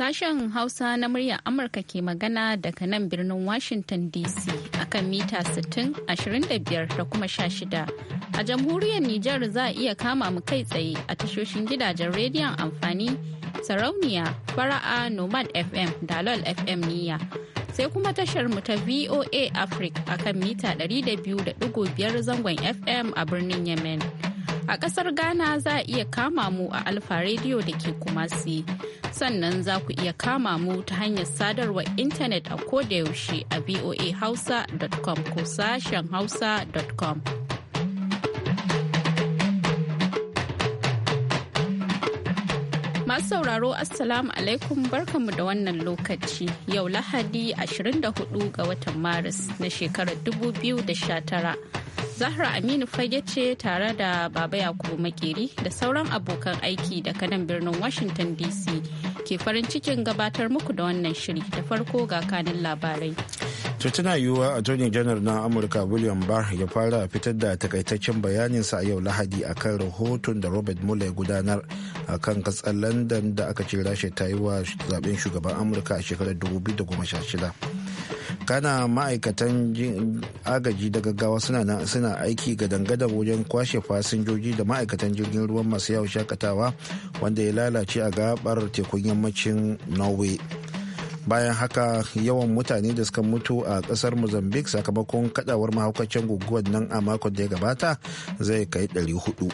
Sashen Hausa na muryar Amurka ke magana daga nan birnin Washington DC akan mita 60, 25 da kuma 16. A jamhuriyar Nijar za a iya kama mu kai tsaye a tashoshin gidajen rediyon amfani sarauniya fara'a nomad fm dalol fm niya sai kuma tashar mu ta voa africa akan mita 200.5 zangon fm a birnin yemen A ƙasar Ghana za a iya kama mu a Alfa Radio da ke Kumasi. Sannan za ku iya kama mu ta hanyar sadarwar intanet a kodayaushe a voahausa.com ko sashen hausa.com. Masu sauraro Assalamu alaikum barkanmu da wannan lokaci yau Lahadi 24 ga watan Maris na shekarar 2019. Zahra Aminu fage ce tare da Baba Yakubu Makeri da sauran abokan aiki daga nan birnin Washington DC ke farin cikin gabatar muku da wannan shiri da farko ga kanin labarai. To yiwuwa yiwuwa attorney janar na Amurka William Barr ya fara fitar da takaitaccen bayaninsa a yau Lahadi akan rahoton da Robert Mueller ya gudanar akan katsar London da aka ce rashin ta yi wa zaben shugaban Amurka a shekarar 2016. kana ma'aikatan agaji da gaggawa suna aiki ga dangadar wajen kwashe fasinjoji da ma'aikatan jirgin ruwan masu yawon shakatawa wanda ya lalace a gabar tekun yammacin norway bayan haka yawan mutane da suka mutu a kasar mozambique sakamakon kadawar mahaukacin guguwar nan a makon da ya gabata zai kai 400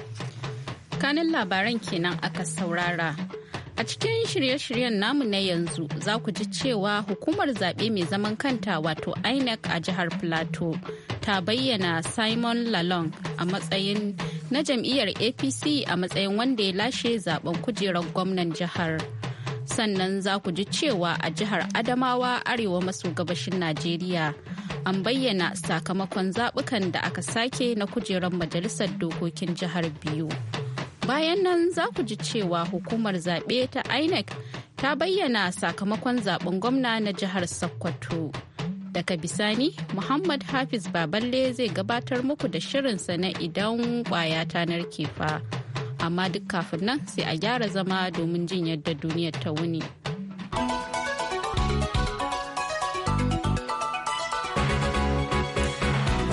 kanin labaran kenan aka saurara A cikin shirye-shiryen namu na yanzu za ku ji cewa hukumar zaɓe mai zaman kanta wato INEC a jihar Plateau ta bayyana Simon Lalong a matsayin na jam'iyyar APC a matsayin wanda ya lashe zaben kujerar gwamnan jihar. Sannan za ku ji cewa a jihar Adamawa arewa maso gabashin Najeriya an bayyana sakamakon zaɓukan da aka sake na kujerar majalisar dokokin jihar biyu. Bayan nan za ku ji cewa hukumar zaɓe ta INEC ta bayyana sakamakon zaɓen gwamna na jihar Sokoto. Daga bisani, Muhammad Hafiz Baballe zai gabatar muku da shirinsa na idan kwaya ta narke fa. Amma duk kafin nan sai a gyara zama domin jin yadda duniyar ta wuni.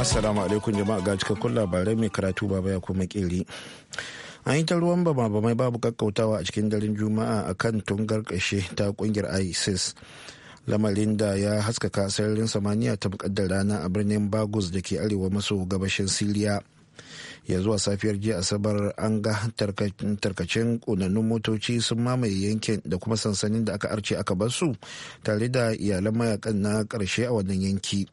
Assalamu alaikum jama'a ga cikakkun labarai mai karatu baba ya kuma kiri. an yi ta ruwan bama-bamai babu kakkautawa a cikin daren juma'a a kan tungar ƙashe ta kungiyar isis lamarin da ya haskaka sararin samaniya ta bukaddar rana a birnin bagus da ke arewa maso gabashin siriya ya zuwa safiyar jiya asabar an ga tarkacen ƙonannun motoci sun mamaye yankin da kuma sansanin da aka arce aka basu tare da iyalan mayakan na ƙarshe a wannan yanki.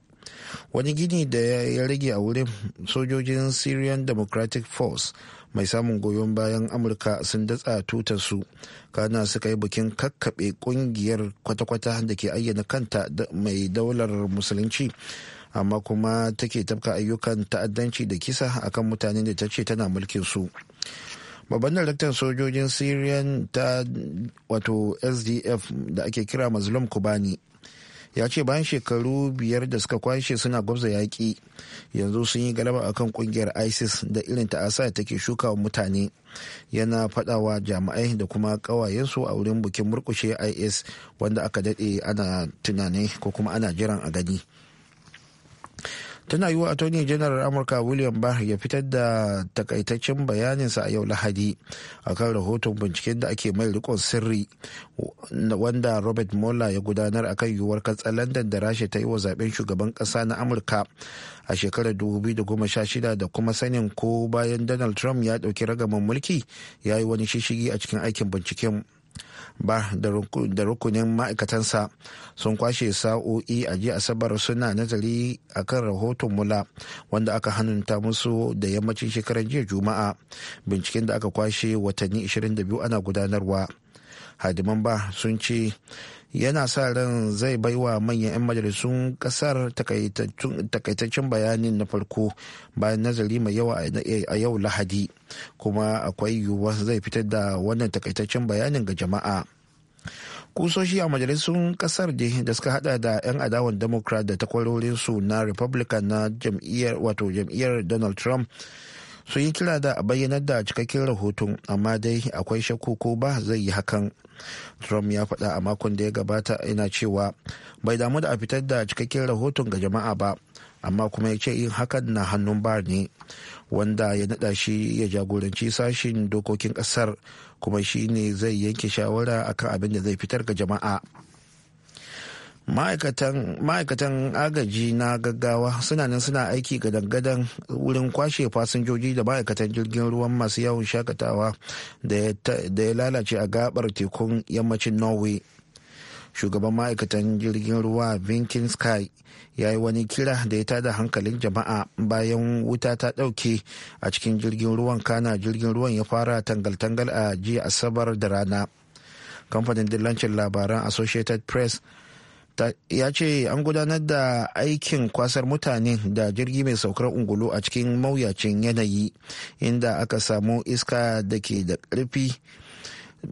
wani gini da ya rage a wurin sojojin syrian democratic force mai samun goyon bayan amurka sun datsa su kana suka yi bikin kakkaɓe ƙungiyar kwata-kwata da ke ayyana kanta mai daular musulunci amma kuma take tafka ayyukan ta'addanci da kisa akan mutanen da ta ce tana mulkin su babban daraktan sojojin syrian ta wato sdf da ake kira mazlum kubani ya ce bayan shekaru biyar da suka kwashe suna gwabza yaƙi yanzu sun yi galaba akan kungiyar isis da irin ta'asa take shuka wa mutane yana fadawa jami'ai da kuma ƙawayensu a wurin bukin murkushe is wanda aka dade ana tunani ko kuma ana jiran a gani. tana yiwa attorney general amurka william barr ya fitar da takaitaccen bayaninsa a yau lahadi akan rahoton binciken da ake mai rikon sirri wanda robert mueller ya gudanar akan yiwuwar katsalandan da rasha ta yi wa zaben shugaban kasa na amurka a shekarar 2016 da kuma sanin ko bayan donald trump ya dauki ragaman mulki ya yi wani shishigi a cikin aikin binciken. ba da rukunin ma'aikatansa sun kwashe sa'o'i a jiya asabar suna nazari a kan rahoton mula wanda aka hannunta musu da yammacin shekarar jiya juma'a binciken da aka kwashe watanni 22 ana gudanarwa hadiman ba sun ce yana sa ran zai baiwa manyan 'yan majalisun kasar takaitaccen bayanin na farko bayan nazari mai yawa a yau lahadi kuma akwai yiwuwar zai fitar da wannan takaitaccen bayanin ga jama'a kusoshi a majalisun kasar da suka hada da 'yan adawan democrat da takwarorinsu na republican na wato jam'iyyar donald trump sun yi kira da a bayyanar da cikakken rahoton amma dai akwai shakku ko ba zai yi hakan trump ya faɗa a makon da ya gabata yana cewa bai damu da a fitar da cikakken rahoton ga jama'a ba amma kuma ya ce yin hakan na hannun bar ne wanda ya naɗa shi ya jagoranci sashen dokokin ƙasar kuma shi ne zai yanke shawara akan abin da zai fitar ga jama'a ma'aikatan agaji na gaggawa suna nan suna aiki gadan-gadan wurin kwashe fasinjoji da ma'aikatan jirgin ruwan masu yawon shakatawa da ya lalace a gabar tekun yammacin norway shugaban ma'aikatan jirgin ruwa vinkin sky ya yi wani kira da ya tada hankalin jama'a bayan wuta ta ɗauke a cikin jirgin ruwan kana jirgin ruwan ya fara tangal-tangal a jiya asabar da rana kamfanin dillancin labaran associated press ya ce an gudanar da aikin kwasar mutane da jirgi mai saukar ungulu a cikin mawuyacin yanayi inda aka samu iska da ke da ƙarfi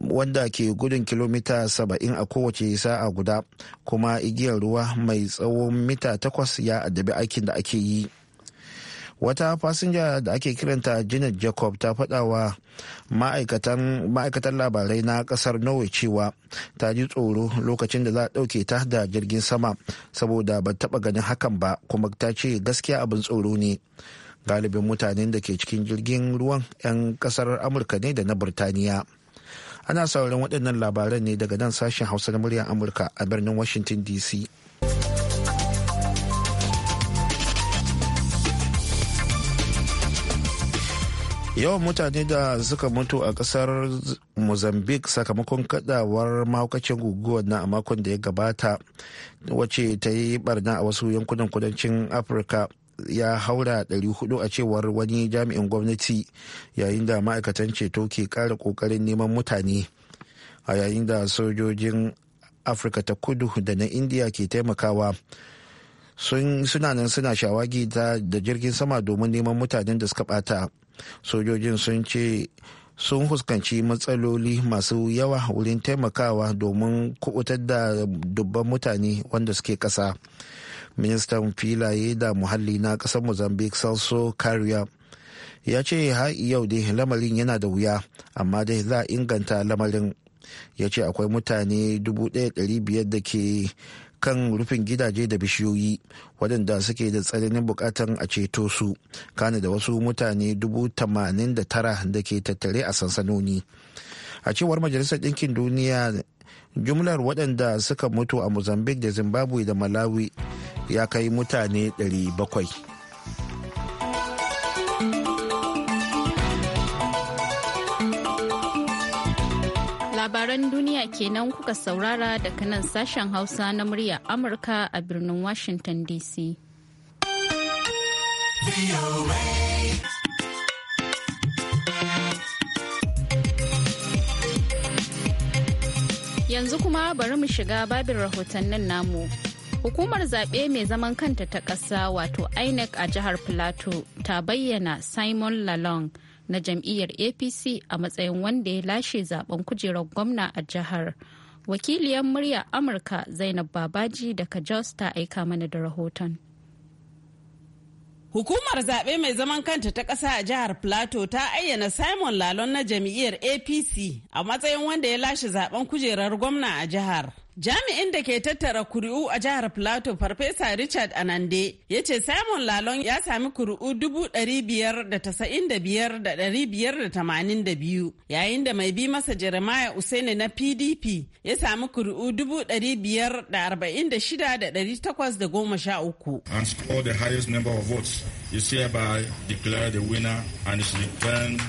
wanda ke gudun kilomita 70 a kowace sa'a guda kuma igiyar ruwa mai tsawon mita 8 ya addabi aikin da ake yi. wata fasinja da ake kiranta janet jacob ta wa ma'aikatan labarai na ƙasar norway cewa ta ji tsoro lokacin da za a ɗauke ta da jirgin sama saboda ba taba ganin hakan ba kuma ta ce gaskiya abin tsoro ne galibin mutanen da ke cikin jirgin ruwan 'yan kasar amurka ne da na birtaniya ana sauran waɗannan labaran ne daga nan sashen hausa na muryar amurka a birnin washington dc yawan mutane da suka mutu a kasar mozambique sakamakon kadawar mahaukacin guguwa na a makon da ya gabata wace ta yi barna a wasu yankunan kudancin afirka ya haura 400 a cewar wani jami'in gwamnati yayin da ma'aikatan ceto ke kara kokarin neman mutane a yayin da sojojin afirka ta kudu da na indiya ke taimakawa suna nan suna shawagi da jirgin sama domin neman mutanen da suka bata sojojin sun ce sun fuskanci matsaloli masu yawa wurin taimakawa domin kubutar da dubban mutane wanda suke kasa ministan filaye da muhalli na kasar mozambique salso kariya ya ce har yau dai lamarin yana da wuya amma dai za a inganta lamarin ya ce akwai mutane 1,500 da ke kan rufin gidaje da bishiyoyi waɗanda suke da tsananin bukatan a ceto su kana da wasu mutane dubu tamanin da tara da ke tattare a sansanoni a cewar majalisar ɗinkin duniya jumlar waɗanda suka mutu a mozambique da zimbabwe da malawi ya kai mutane 700 labaran duniya kenan kuka saurara daga nan sashen hausa na murya amurka a birnin washington dc yanzu kuma bari mu shiga babin nan namu hukumar zaɓe mai zaman kanta ta ƙasa wato inec a jihar plateau ta bayyana simon lalong na jam'iyyar apc a matsayin wanda ya lashe zaben kujerar gwamna a jihar wakiliyar murya amurka zainab babaji daga jos ta aika mana da rahoton Hukumar zaɓe mai zaman kanta ta ƙasa a jihar Plateau ta ayyana Simon Lalon na jam'iyyar APC a matsayin wanda ya lashe zaben kujerar gwamna a jihar. Jami'in da ke tattara kuri'u a jihar Plateau Farfesa Richard Anande ya ce Simon Lalon ya sami kuri'u dubu yayin da mai bi masa Jeremiah Usaini na PDP ya sami kuri'u dubu ɗari da arba'in sha uku. is hereby declared the winner and is returned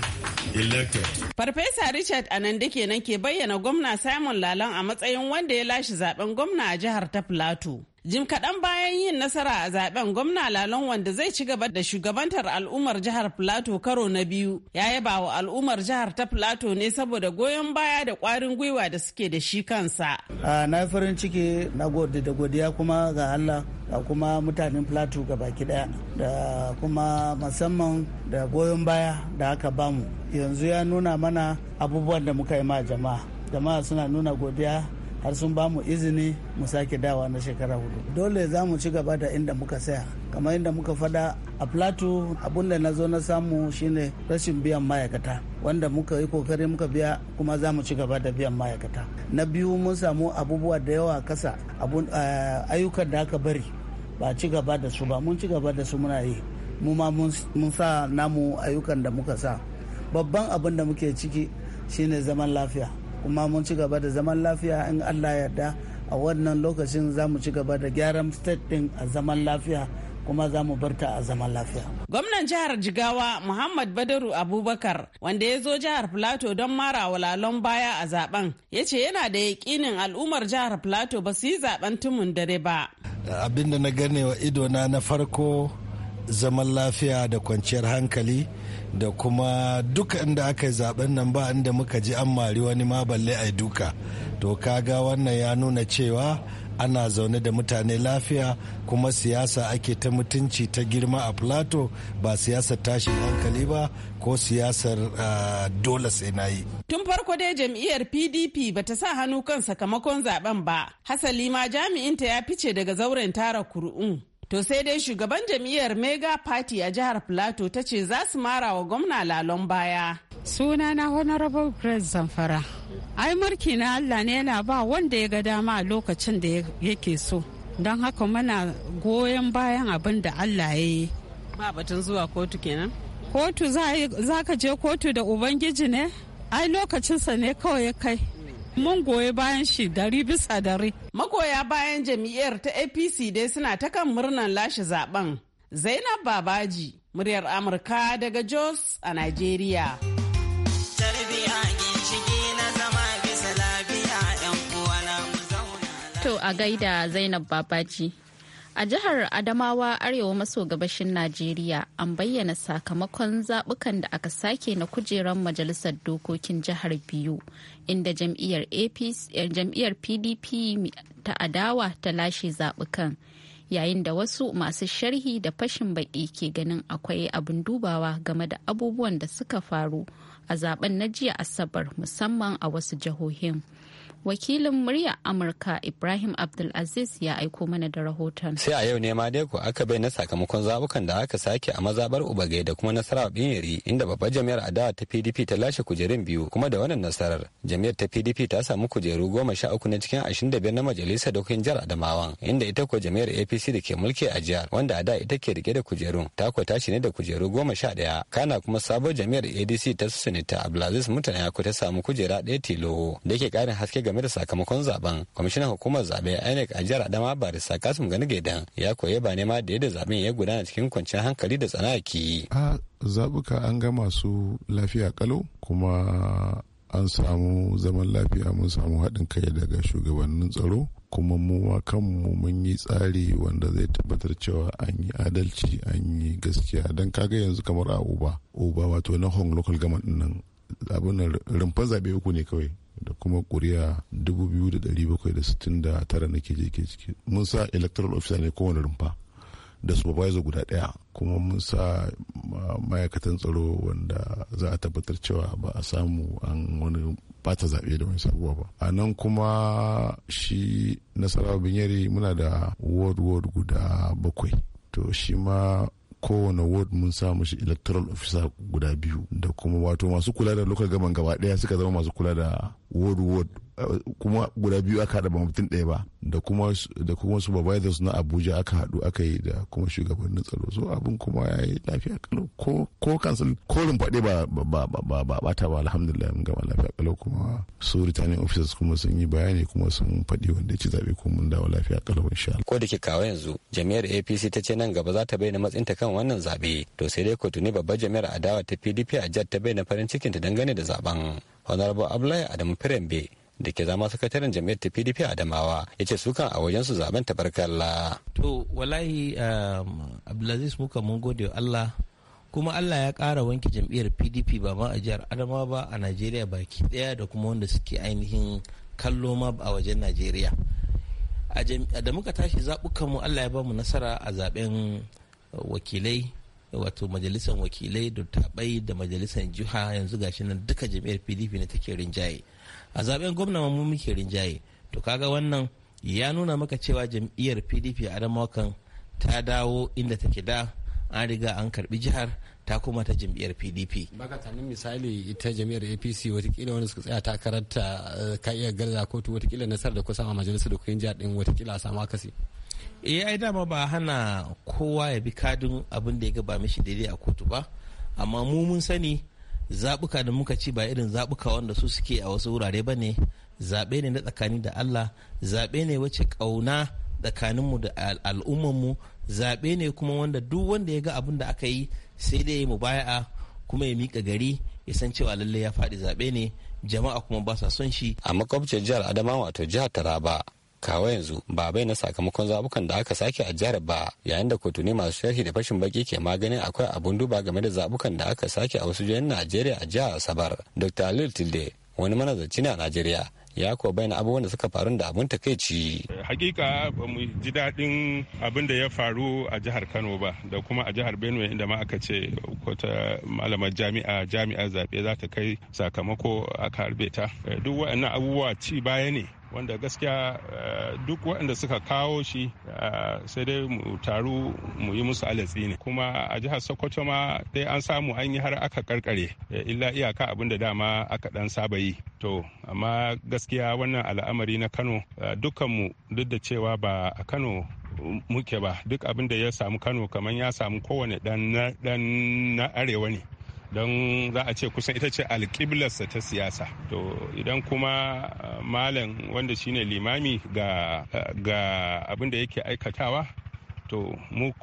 elected. Farfesa Richard Anande kenan ke bayyana gwamna Simon Lalan a matsayin wanda ya lashe zaben gwamna a jihar ta Plateau. Jim kaɗan bayan yin nasara a zaben gwamna Lalon wanda zai ci gaba da shugabantar al'ummar jihar Filato karo na biyu ya yaba wa al'ummar jihar ta Filato ne saboda goyon baya da ƙwarin gwiwa da suke da shi kansa. na farin ciki na gode da godiya kuma ga Allah da kuma mutanen Filato ga baki ɗaya da kuma musamman da goyon baya da aka bamu yanzu ya nuna mana abubuwan da muka yi ma jama'a. Jama'a suna nuna godiya har sun ba mu izini mu sake dawa na shekara hudu dole za mu ci gaba da inda muka saya kamar inda muka fada a plato abun da na zo na samu shine rashin biyan ma'aikata wanda muka yi kokari muka biya kuma za mu ci gaba da biyan ma'aikata na biyu mun samu abubuwa da yawa kasa eh, ayyukan da aka bari ba ci gaba da su ba mun ci gaba da su muna yi mu ma mun sa namu ayyukan da muka sa babban abin da muke ciki shine zaman lafiya kuma mun ci gaba da zaman lafiya in allah yarda a wannan lokacin za mu ci gaba da gyaran state din a zaman lafiya kuma za mu barta a zaman lafiya. Gwamnan jihar Jigawa Muhammad Badaru Abubakar wanda ya zo jihar Filato don mara walalon baya a zaben ya ce yana da yakinin al'ummar jihar Filato ba su yi zaben tumun dare ba. Abinda na gane wa idona na farko zaman lafiya da kwanciyar hankali da kuma duka inda aka yi zaben nan ba inda muka ji an mari wani ma balle a duka to kaga wannan ya nuna cewa ana zaune da mutane lafiya kuma siyasa ake ta mutunci ta girma a plato ba siyasar tashin hankali ba ko siyasar ah, dole sai na yi. Tun farko dai jam'iyyar PDP ba ta sa hannu kan sakamakon zaben ba, hasali ma jami'inta ya fice daga zauren tara kuru'un To sai dai shugaban jam'iyyar Mega Party a jihar Plateau ta ce za su mara wa gwamna lalon baya. Suna na Honorable Grace Zamfara. Ai mulki na Allah ne yana ba wanda ya ga dama a lokacin da yake so. Don haka muna goyon bayan abin da Allah ya yi. Ba batun zuwa kotu kenan? Kotu za ka je kotu da Ubangiji ne? Ai lokacinsa ne kawai ya kai. Mun goyi bayan shi dari bisa dari. Magoya bayan jam'iyyar ta APC dai suna ta kan murnan lashe zaben. Zainab Babaji, muryar Amurka daga Jos a Najeriya. To a gaida Zainab Babaji. A jihar Adamawa Arewa maso gabashin Najeriya an bayyana sakamakon zaɓukan da aka sake na kujerar majalisar dokokin jihar biyu inda jam'iyyar PDP eh, ta adawa ta lashe zaɓukan yayin da wasu masu sharhi da fashin baƙi ke ganin akwai abin dubawa game da abubuwan da suka faru a zaben na jiya Asabar musamman a wasu jihohin. wakilin murya amurka ibrahim abdulaziz ya aiko mana da rahoton sai a yau ne ma dai ko aka na sakamakon zabukan da aka sake a mazabar ubagai da kuma nasara binyeri inda babbar jami'ar adawa ta pdp ta lashe kujerun biyu kuma da wannan nasarar jami'ar ta pdp ta samu kujeru goma sha uku na cikin ashirin da biyar na majalisar dokokin jihar adamawan inda ita ko jami'ar apc da ke mulki a jihar wanda a da ita ke rike da kujerun ta ko tashi ne da kujeru goma sha ɗaya kana kuma sabon jami'ar adc ta su sanita abdulaziz mutane ta samu kujera ɗaya tilo da ke ƙarin haske game da sakamakon zaben kwamishinan hukumar zabe inec a jihar adama barista kasim gani gaidan ya koye ba nema da yadda zaben ya gudana cikin kwanciyar hankali da tsanaki a zabuka an ga masu lafiya kalau kuma an samu zaman lafiya mun samu haɗin kai daga shugabannin tsaro kuma mu ma kanmu mun yi tsari wanda zai tabbatar cewa an yi adalci an yi gaskiya don kaga yanzu kamar a uba uba wato na hong local government nan abin rumfar zaɓe uku ne kawai da kuma kuri'a 2,769 nake ke ciki mun sa electoral officer ne kowane rumfa da supervisor guda daya kuma mun sa ma'aikatan tsaro wanda za a tabbatar cewa ba a samu an wani bata zaɓe da wani sabuwa ba a nan kuma shi nasarawa binyari muna da ward ward guda bakwai to shi ma kowane ward mun sa shi electoral officer guda biyu da kuma wato masu kula da local government gaba daya suka zama masu kula da ward ward kuma guda biyu aka haɗa ba mutum ɗaya ba da kuma da kuma supervisors na abuja aka haɗu aka yi da kuma shugabannin tsaro so abin kuma ya yi lafiya kalau ko ko kansil korin faɗe ba ba ba ta ba alhamdulillah mun gama lafiya kalau kuma su returning officers kuma sun yi bayani kuma sun faɗi wanda ci zaɓe kuma mun dawo lafiya kalau insha Allah. ko da ke kawo yanzu jami'ar apc ta ce nan gaba za ta bayyana matsinta kan wannan zaɓe to sai dai kotu ne babbar jami'ar adawa ta pdp a jihar ta bayyana farin cikinta dangane da zaben honorable abdullahi adamu firembe da ke zama sakataren jam'iyyar ta pdp adamawa ya ce su kan a wajensu zaben tabarkalla. to wallahi um, abdulaziz muka mun gode wa allah kuma allah ya kara wanke jam'iyyar pdp ba ma a jihar adamawa ba a najeriya baki daya da kuma wanda suke ainihin kallo ma a wajen najeriya da muka tashi zaɓukanmu allah ya bamu nasara a zaben uh, wakilai wato majalisar wakilai da tabai da majalisar jiha yanzu gashi nan duka jam'iyyar pdp ne take rinjaye a zaben gwamna mu muke rinjaye to kaga wannan ya nuna maka cewa jam'iyyar pdp a kan ta dawo inda take da an riga an karbi jihar ta kuma ta jam'iyyar pdp baka tanin misali ita jam'iyyar apc watakila wani suka tsaya takarar ta eh, ka iya garza kotu watakila nasarar da kusa a majalisar dokokin jihar din watakila a samu akasi eh ai dama ba hana kowa ya bi kadin abin da ya ga ba mishi daidai a kotu ba amma mu mun sani zaɓuka da muka ci ba irin zaɓuka wanda su suke a wasu wurare ba ne zaɓe ne na tsakanin da allah zaɓe ne wace ƙauna tsakaninmu da al'ummanmu zaɓe ne kuma wanda duk wanda ya ga abin da aka yi sai dai ya mu baya kuma ya mika gari ya san cewa lallai ya faɗi zaɓe ne jama'a kuma ba sa son shi a makwabcin jihar adamawa wato jihar taraba kawo yanzu ba bai na sakamakon zabukan da aka sake a jihar ba yayin da kotuni masu sharhi da fashin baki ke maganin akwai abun duba game da zabukan da aka sake a wasu jihohin najeriya a jihar asabar dr alil tilde wani manazarci a najeriya ya kuwa bayan abubuwan da suka faru da abun takaici. Hakika ba mu ji daɗin abin da ya faru a jihar Kano ba da kuma a jihar Benue inda ma aka ce kota malamar jami'a jami'ar zaɓe za ta kai sakamako aka harbe ta. Eh, duk waɗannan abubuwa ci baya ne wanda gaskiya eh, duk waɗanda suka kawo shi eh, sai dai mu taru mu yi musu alatsi ne kuma a jihar sokoto ma dai an samu an yi har aka karkare eh, illa iyaka abin da dama aka dan saba yi to amma gaskiya wannan al'amari na kano dukkanmu duk da cewa ba a kano muke ba duk abin da ya samu kano kamar ya samu kowane dan na arewa ne don za a ce kusan ita ce alƙiblarsa ta siyasa to idan kuma uh, malam wanda shine limami ga uh, ga abin da yake aikatawa to mu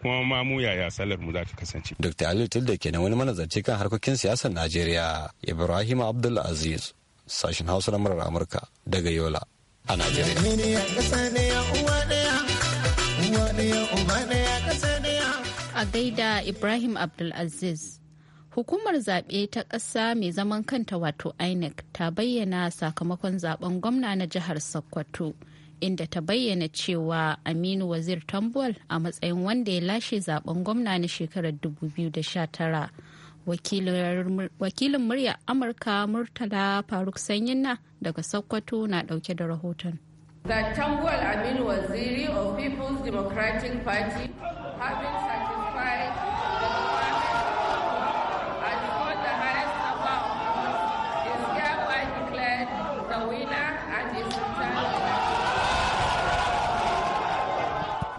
kuma ma mu yaya salar mu za ta kasance dr ali tilda kenan wani manazarci kan harkokin siyasar najeriya ibrahim abdul aziz sashen hausa na murar amurka daga yola a najeriya a gaida ibrahim abdulaziz Hukumar zaɓe ta ƙasa mai zaman kanta wato INEC ta bayyana sakamakon zaben gwamna na jihar Sokoto. inda ta bayyana cewa aminu wazir tambol a matsayin wanda ya lashe zaben gwamna na shekarar 2019 wakilin murya amurka murtala faruk sanyinna daga sokoto na ɗauke da rahoton ga tambol aminu waziri of people's democratic party having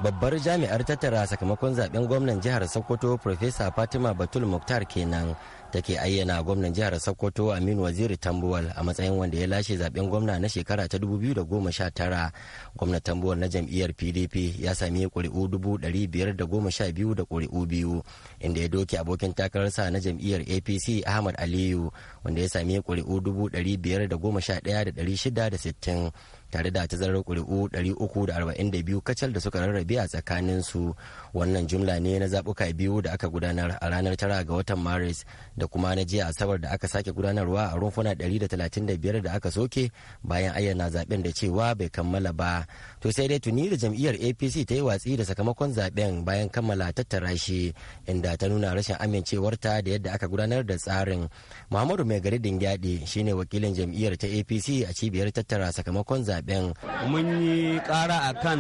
babbar jami'ar tattara sakamakon zaben gwamnan jihar sokoto profesa fatima batul muktar kenan take ayyana gwamnan jihar sokoto aminu waziri tambuwal a matsayin wanda ya lashe zaben gwamna na shekara ta 2019 gwamnan tambuwal na jam'iyyar pdp ya sami ƙuri'u 512 da ƙuri'u biyu inda ya doke abokin takararsa na jam'iyyar apc ahmad aliyu wanda ya sami ƙuri'u 511,660 tare da tazarar ƙuri'u 342 kacal da suka rarrabe a tsakaninsu wannan jumla ne na zaɓuka biyu da aka gudanar a ranar tara ga watan maris da kuma na jiya asabar da aka sake gudanarwa a rumfuna 135 da aka soke bayan ayyana zaben da cewa bai kammala ba to sai dai tuni da jam'iyyar apc ta yi watsi da sakamakon zaben bayan kammala tattara shi inda ta nuna rashin amincewarta da yadda aka gudanar da tsarin muhammadu mai gari dingyadi shine wakilin jam'iyyar ta apc a cibiyar tattara sakamakon zaben mun yi kara akan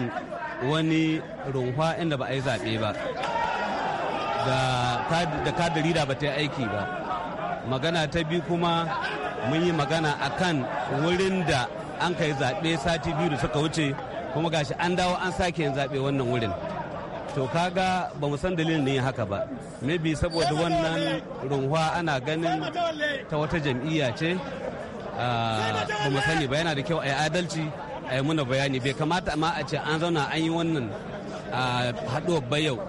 wani rumfa inda ba a yi zaɓe ba da kadarida ba ta yi aiki ba magana ta biyu kuma mun yi magana a kan wurin da an kai zaɓe sati biyu da suka wuce kuma gashi an dawo an sake yin zaɓe wannan wurin to kaga ba mu san dalilin ne haka ba maybe saboda wannan runwa ana ganin ta wata jam'iyya ce ba mu sani ba yana da kyau a yi adalci a yi muna bayani bai kamata ma a ce an zauna an yi wannan haɗuwar bayau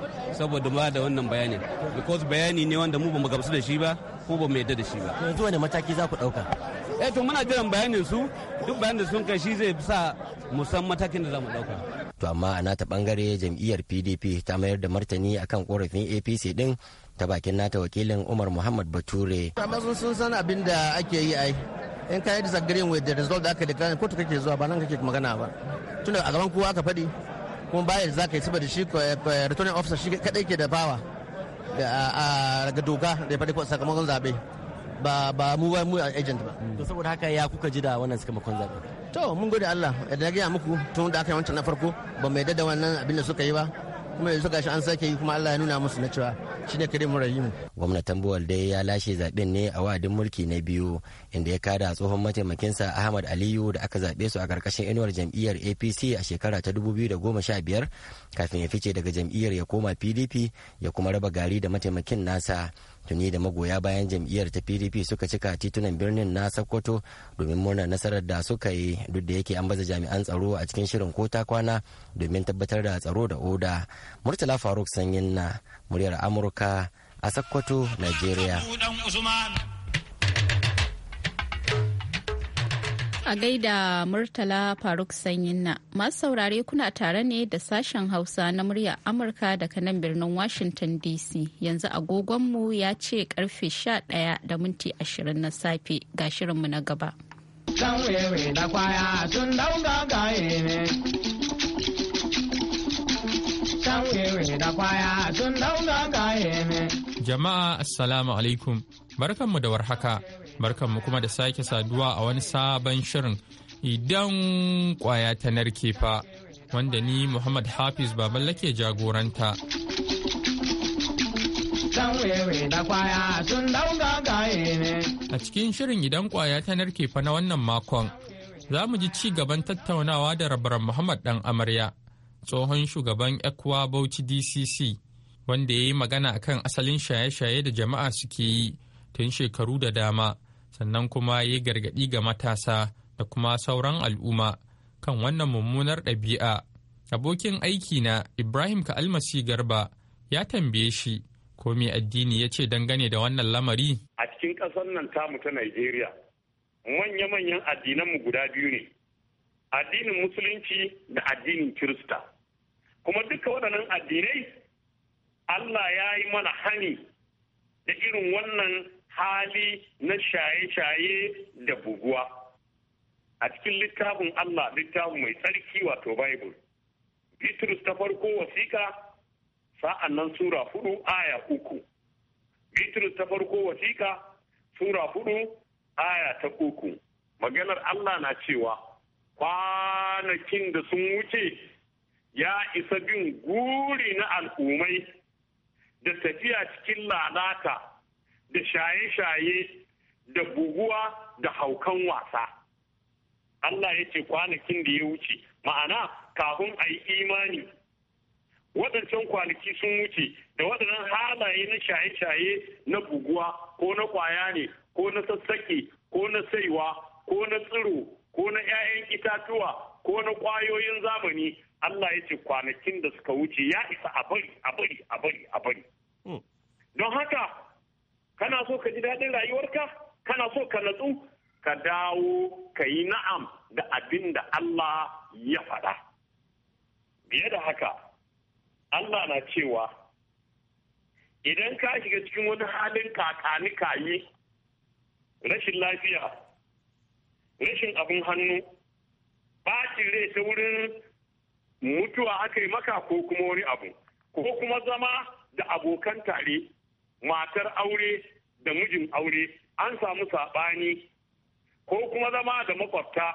saboda ba da wannan bayanin because bayani ne wanda mu ba mu gamsu da shi ba ko ba mu yadda da shi ba yanzu wani mataki za ku dauka eh to muna jiran bayanin su duk bayanin da sun kai shi zai sa mu san matakin da za mu dauka to amma a nata bangare jam'iyyar PDP ta mayar da martani akan korafin APC din ta bakin nata wakilin Umar Muhammad Bature amma sun san abin da ake yi ai in ka yi disagreeing with the result da aka declare to kake zuwa ba nan kake magana ba tunda a gaban kowa aka faɗi kuma bayan za ka yi saboda shi returning officer shi kadai ke da bawa ga doka da ya faɗi sakamakon zaɓe ba ba mu ba mu agent ba mm. to saboda haka ya kuka ji da wannan sakamakon zaɓe to mun gode Allah da ga gaya muku tun da aka yi wancan na farko ba mai da wannan abin da suka yi ba kuma yanzu gashi an sake yi kuma Allah ya nuna musu na cewa shine Karimu Rahimu gwamnatin Buwal dai ya lashe zaɓen ne a wadin mulki na biyu inda ya kada tsohon mataimakin sa Ahmad Aliyu da aka zaɓe su a karkashin inuwar jam'iyyar APC a shekara ta 2015 kafin ya fice daga jam'iyyar ya koma PDP ya kuma raba gari da mataimakin nasa tuni da magoya bayan jam'iyyar ta pdp suka cika titunan birnin na sokoto domin murnar nasarar da suka yi duk da yake an baza jami'an tsaro a cikin shirin ko ta kwana domin tabbatar da tsaro da oda murtala faruk sanyin na muryar amurka a sokoto nigeria A gaida Murtala Faruk Sanyinna, masu saurare kuna tare ne da sashen Hausa na murya Amurka daga nan birnin Washington DC. Yanzu agogonmu ya ce karfe 11 da minti 20 na safe ga shirinmu na gaba. Can wewe da kwaya tun daunga gaye ne. Jama'a Assalamu alaikum, barkanmu da warhaka, barkanmu kuma da sake saduwa a wani sabon shirin idan kwaya ta narke fa wanda ni Muhammad Hafiz Baballe ke jagoranta. A cikin shirin idan kwaya ta narke fa na wannan makon, za mu ji ci gaban tattaunawa da rabaran Muhammad ɗan amarya, tsohon shugaban Ekwa Bauchi DCC. wanda ya yi magana a kan asalin shaye-shaye da jama'a suke yi tun shekaru da dama sannan kuma ya gargaɗi ga matasa da kuma sauran al'umma kan wannan mummunar ɗabi'a abokin aiki na ibrahim ka'almasi garba ya tambaye shi ko me addini ya ce dangane da wannan lamari a cikin ƙasar nan tamu ta nigeria manya-manyan addinanmu guda biyu ne addinin musulunci da addinin kirista kuma duka waɗannan addinai Allah ya yi mana hani da irin wannan hali na shaye-shaye da buguwa a cikin littafin Allah littafin mai tsarki wato Bible. Bitrus ta farko wasiƙa sa'an nan Sura hudu aya uku. Bitrus ta farko wasika, Sura hudu aya ta uku. Maganar Allah na cewa kwanakin da sun wuce ya isa bin guri na al'ummai da tafiya cikin lalata da shaye-shaye da buguwa da haukan wasa Allah ya ce kwanakin da ya wuce ma'ana kafin a yi imani waɗancan kwanaki sun wuce da waɗannan halaye na shaye-shaye na buguwa ko na ƙwaya ne ko na sassaƙe ko na saiwa ko na tsiro ko na 'ya'yan itatuwa ko na ƙwayoyin zamani Allah ya ce kwanakin da suka wuce ya isa a bari a bari a bari a bari hmm. don haka kana so ka ji daɗin rayuwarka kana so ka natsu ka dawo ka yi na'am da abin da Allah ya faɗa biye da haka Allah na cewa idan ka shiga cikin wani halin kakani kayi rashin lafiya rashin abin hannu bacin rai ta wurin mutuwa aka yi maka ko kuma wani abu ko kuma zama da abokan tare matar aure da mijin aure an samu saɓani ko kuma zama da makwabta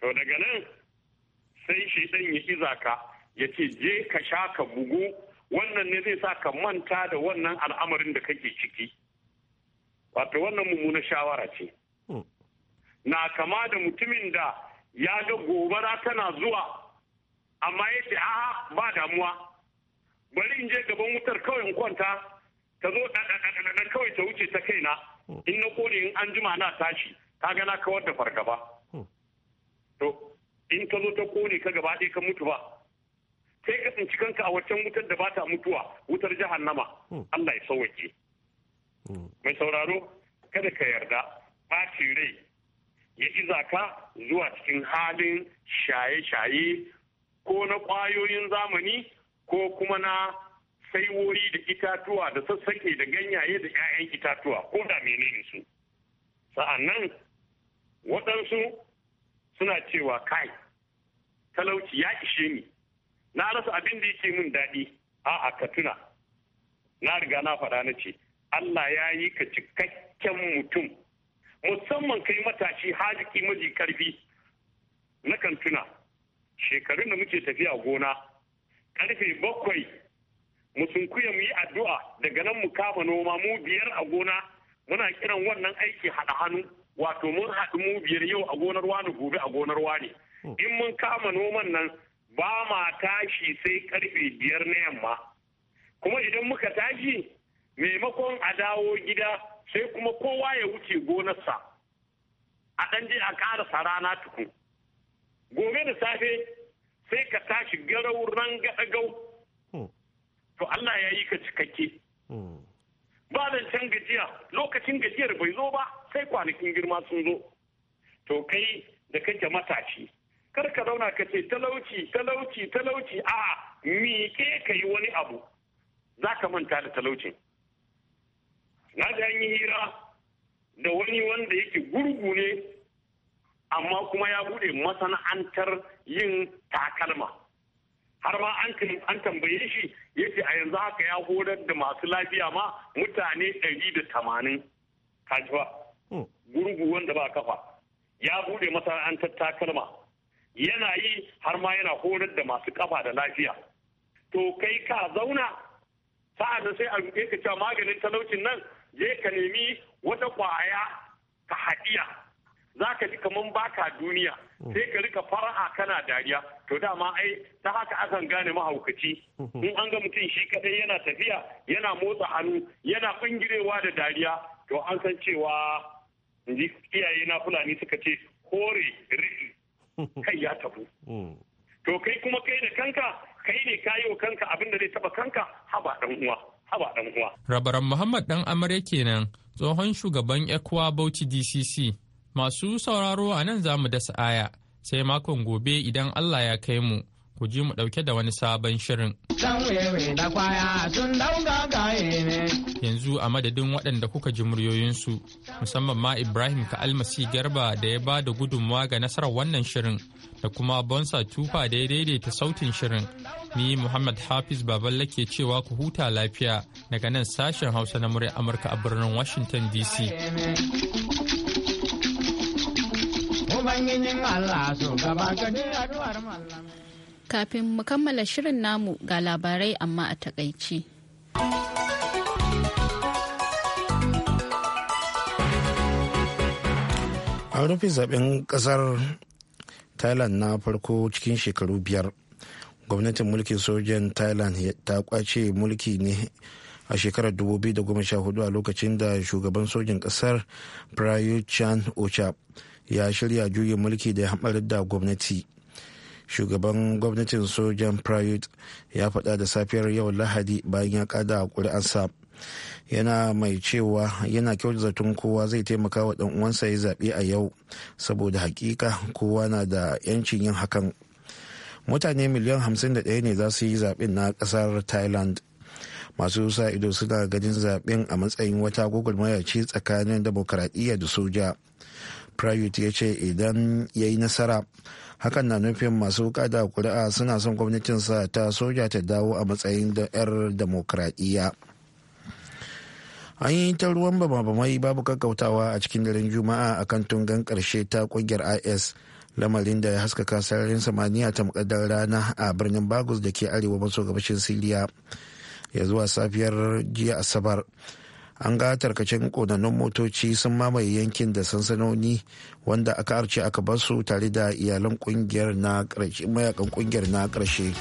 to daga nan sai shi ɗan ya iza ka ya ce je ka sha ka bugu wannan ne zai sa ka manta da wannan al'amarin da kake ciki wato wannan mummunar shawara ce hmm. na kama da mutumin da ya ga gobara tana zuwa amma ya ce a'a ba damuwa bari in je gaban wutar kawai in kwanta ta zo ɗaɗaɗaɗa kawai ta wuce ta kaina in na kone in an jima na tashi ka gana kawar da fargaba hmm. to in ka zo ta kone ka gaba ɗaya ka mutu ba sai ka tsinci kanka a waccan wutar da ba ta mutuwa wutar jahannama hmm. Allah ya sauwake hmm. mai sauraro kada ka yarda ɓacin rai ya iza ka zuwa cikin halin shaye-shaye ko na ƙwayoyin zamani ko kuma na saiwoyi da itatuwa da sassake da ganyaye da 'ya'yan itatuwa ko da menene su nan, waɗansu suna cewa kai talauci ya ishe ni na rasa abin da yake min daɗi a'a ka tuna na riga na faɗa na ce Allah ya yi ka cikakken mutum musamman kai matashi haziki maji karfi na kan tuna shekarun da muke tafiya gona karfe bakwai mu sunkuya mu yi addu'a daga nan mu kama noma mu biyar a gona muna kiran wannan aiki haɗa hannu wato mun haɗu mu biyar yau a gonar wani gobe a gonar wani hmm. in mun kama noman nan ba ma tashi sai karfe biyar na yamma kuma idan muka tashi maimakon a dawo gida sai kuma kowa ya wuce gonarsa a ɗan je a ƙarasa rana tukun gobe da safe sai ka tashi garau ranga gau hmm. to Allah ya yi ka cikakke hmm. ba da can gajiya lokacin gajiyar bai zo ba sai kwanakin girma sun zo to kai da kake matashi kar ka zauna ka ce talauci talauci talauci a miƙe ka yi wani abu za ka manta da talaucin na an yi hira da wani wanda yake gurgu ne amma kuma ya bude masana'antar yin takalma har ma an tambaye shi ya yace a yanzu haka ya horar da masu lafiya ma mutane ɗari da tamanin kajiwa hmm. gurgu wanda ba kafa ya bude masana'antar takalma yana yi har ma yana horar da masu kafa da lafiya to kai ka zauna sa'ad da sai a ka cewa maganin talaucin nan je ka nemi wata kwaya ka haɗiya za ka ji kamar baka duniya mm. sai ka rika fara'a kana dariya to dama ai ta haka akan gane mahaukaci mm-hmm. in an ga mutum shi kadai yana tafiya yana motsa hannu yana ƙungirewa da dariya to an san cewa iyayena iyaye na fulani suka ce kore kai ya tafi mm. to kai kuma kai da kanka kai ne kayo kanka abin da zai taba kanka haba dan uwa haba dan uwa rabaran muhammad dan amarya kenan tsohon shugaban ekwa bauchi dcc Masu sauraro a nan za mu dasa aya sai makon gobe idan Allah ya kai mu. ku ji mu ɗauke da wani sabon shirin. Yanzu a madadin waɗanda kuka ji muryoyinsu, musamman ma Ibrahim ka almasi Garba da ya ba da gudunmawa ga nasarar wannan shirin da kuma Bonsa Tufa da ya daidaita sautin shirin. Ni Muhammad Hafiz Baballe ke cewa ku huta lafiya daga nan sashen Hausa na murya Amurka a birnin Washington DC. Kafin mu kammala shirin namu ga labarai amma a takaici. An rufe zaben kasar Thailand na farko cikin shekaru biyar. Gwamnatin mulkin sojan Thailand ta kwace mulki ne a shekarar 2014 a lokacin da shugaban sojan kasar Prayut Chan Ocha ya shirya juyin mulki da hamar da gwamnati shugaban gwamnatin sojan prayut ya faɗa da safiyar yau lahadi bayan ya kada sa yana mai cewa yana kyau da zaton kowa zai taimaka wa ɗan uwansa ya zaɓe a yau saboda hakika kowa na da 'yancin yin hakan mutane miliyan 51 ne za su yi zaɓen na ƙasar thailand masu sa ido suna ganin zaɓen a matsayin wata gugulmaya ce tsakanin da soja prayut ya ce idan ya yi nasara hakan na nufin masu kada kuri'a suna son gwamnatinsa ta soja ta dawo a matsayin da 'yar demokradiyya an yi ta ruwan bamabamai babu kakkautawa a cikin daren juma'a a kan tungan karshe ta kungiyar is lamarin da ya haskaka sararin samaniya ta mukaddar rana a birnin bagus da ke arewa maso gabashin siriya ya zuwa safiyar jiya asabar an ga tarkacen kodannin motoci sun mamaye yankin da sansanoni wanda aka arce aka basu tare da iyalan kungiyar na mayakan kungiyar na karshe.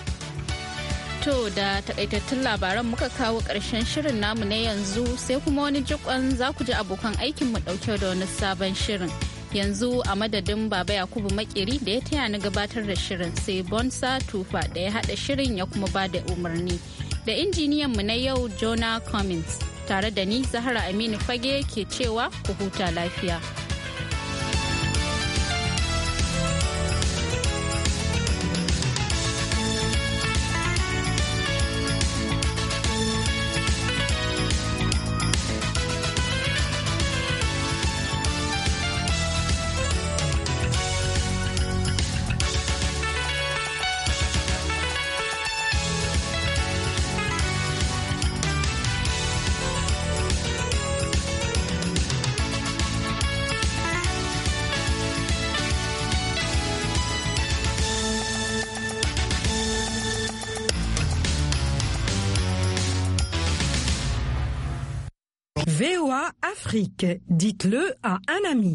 to da takaitattun labaran muka kawo karshen shirin namu na yanzu sai kuma wani jikon za ku ji abokan aikin mu ɗauke da wani sabon shirin yanzu a madadin baba yakubu makeri da ya taya ni gabatar da shirin sai bonsa tufa da ya hada shirin ya kuma ba da umarni da injiniyan mu na yau jona cummins tare da ni Zahra Aminu Fage ke cewa ku huta lafiya. dites-le à un ami.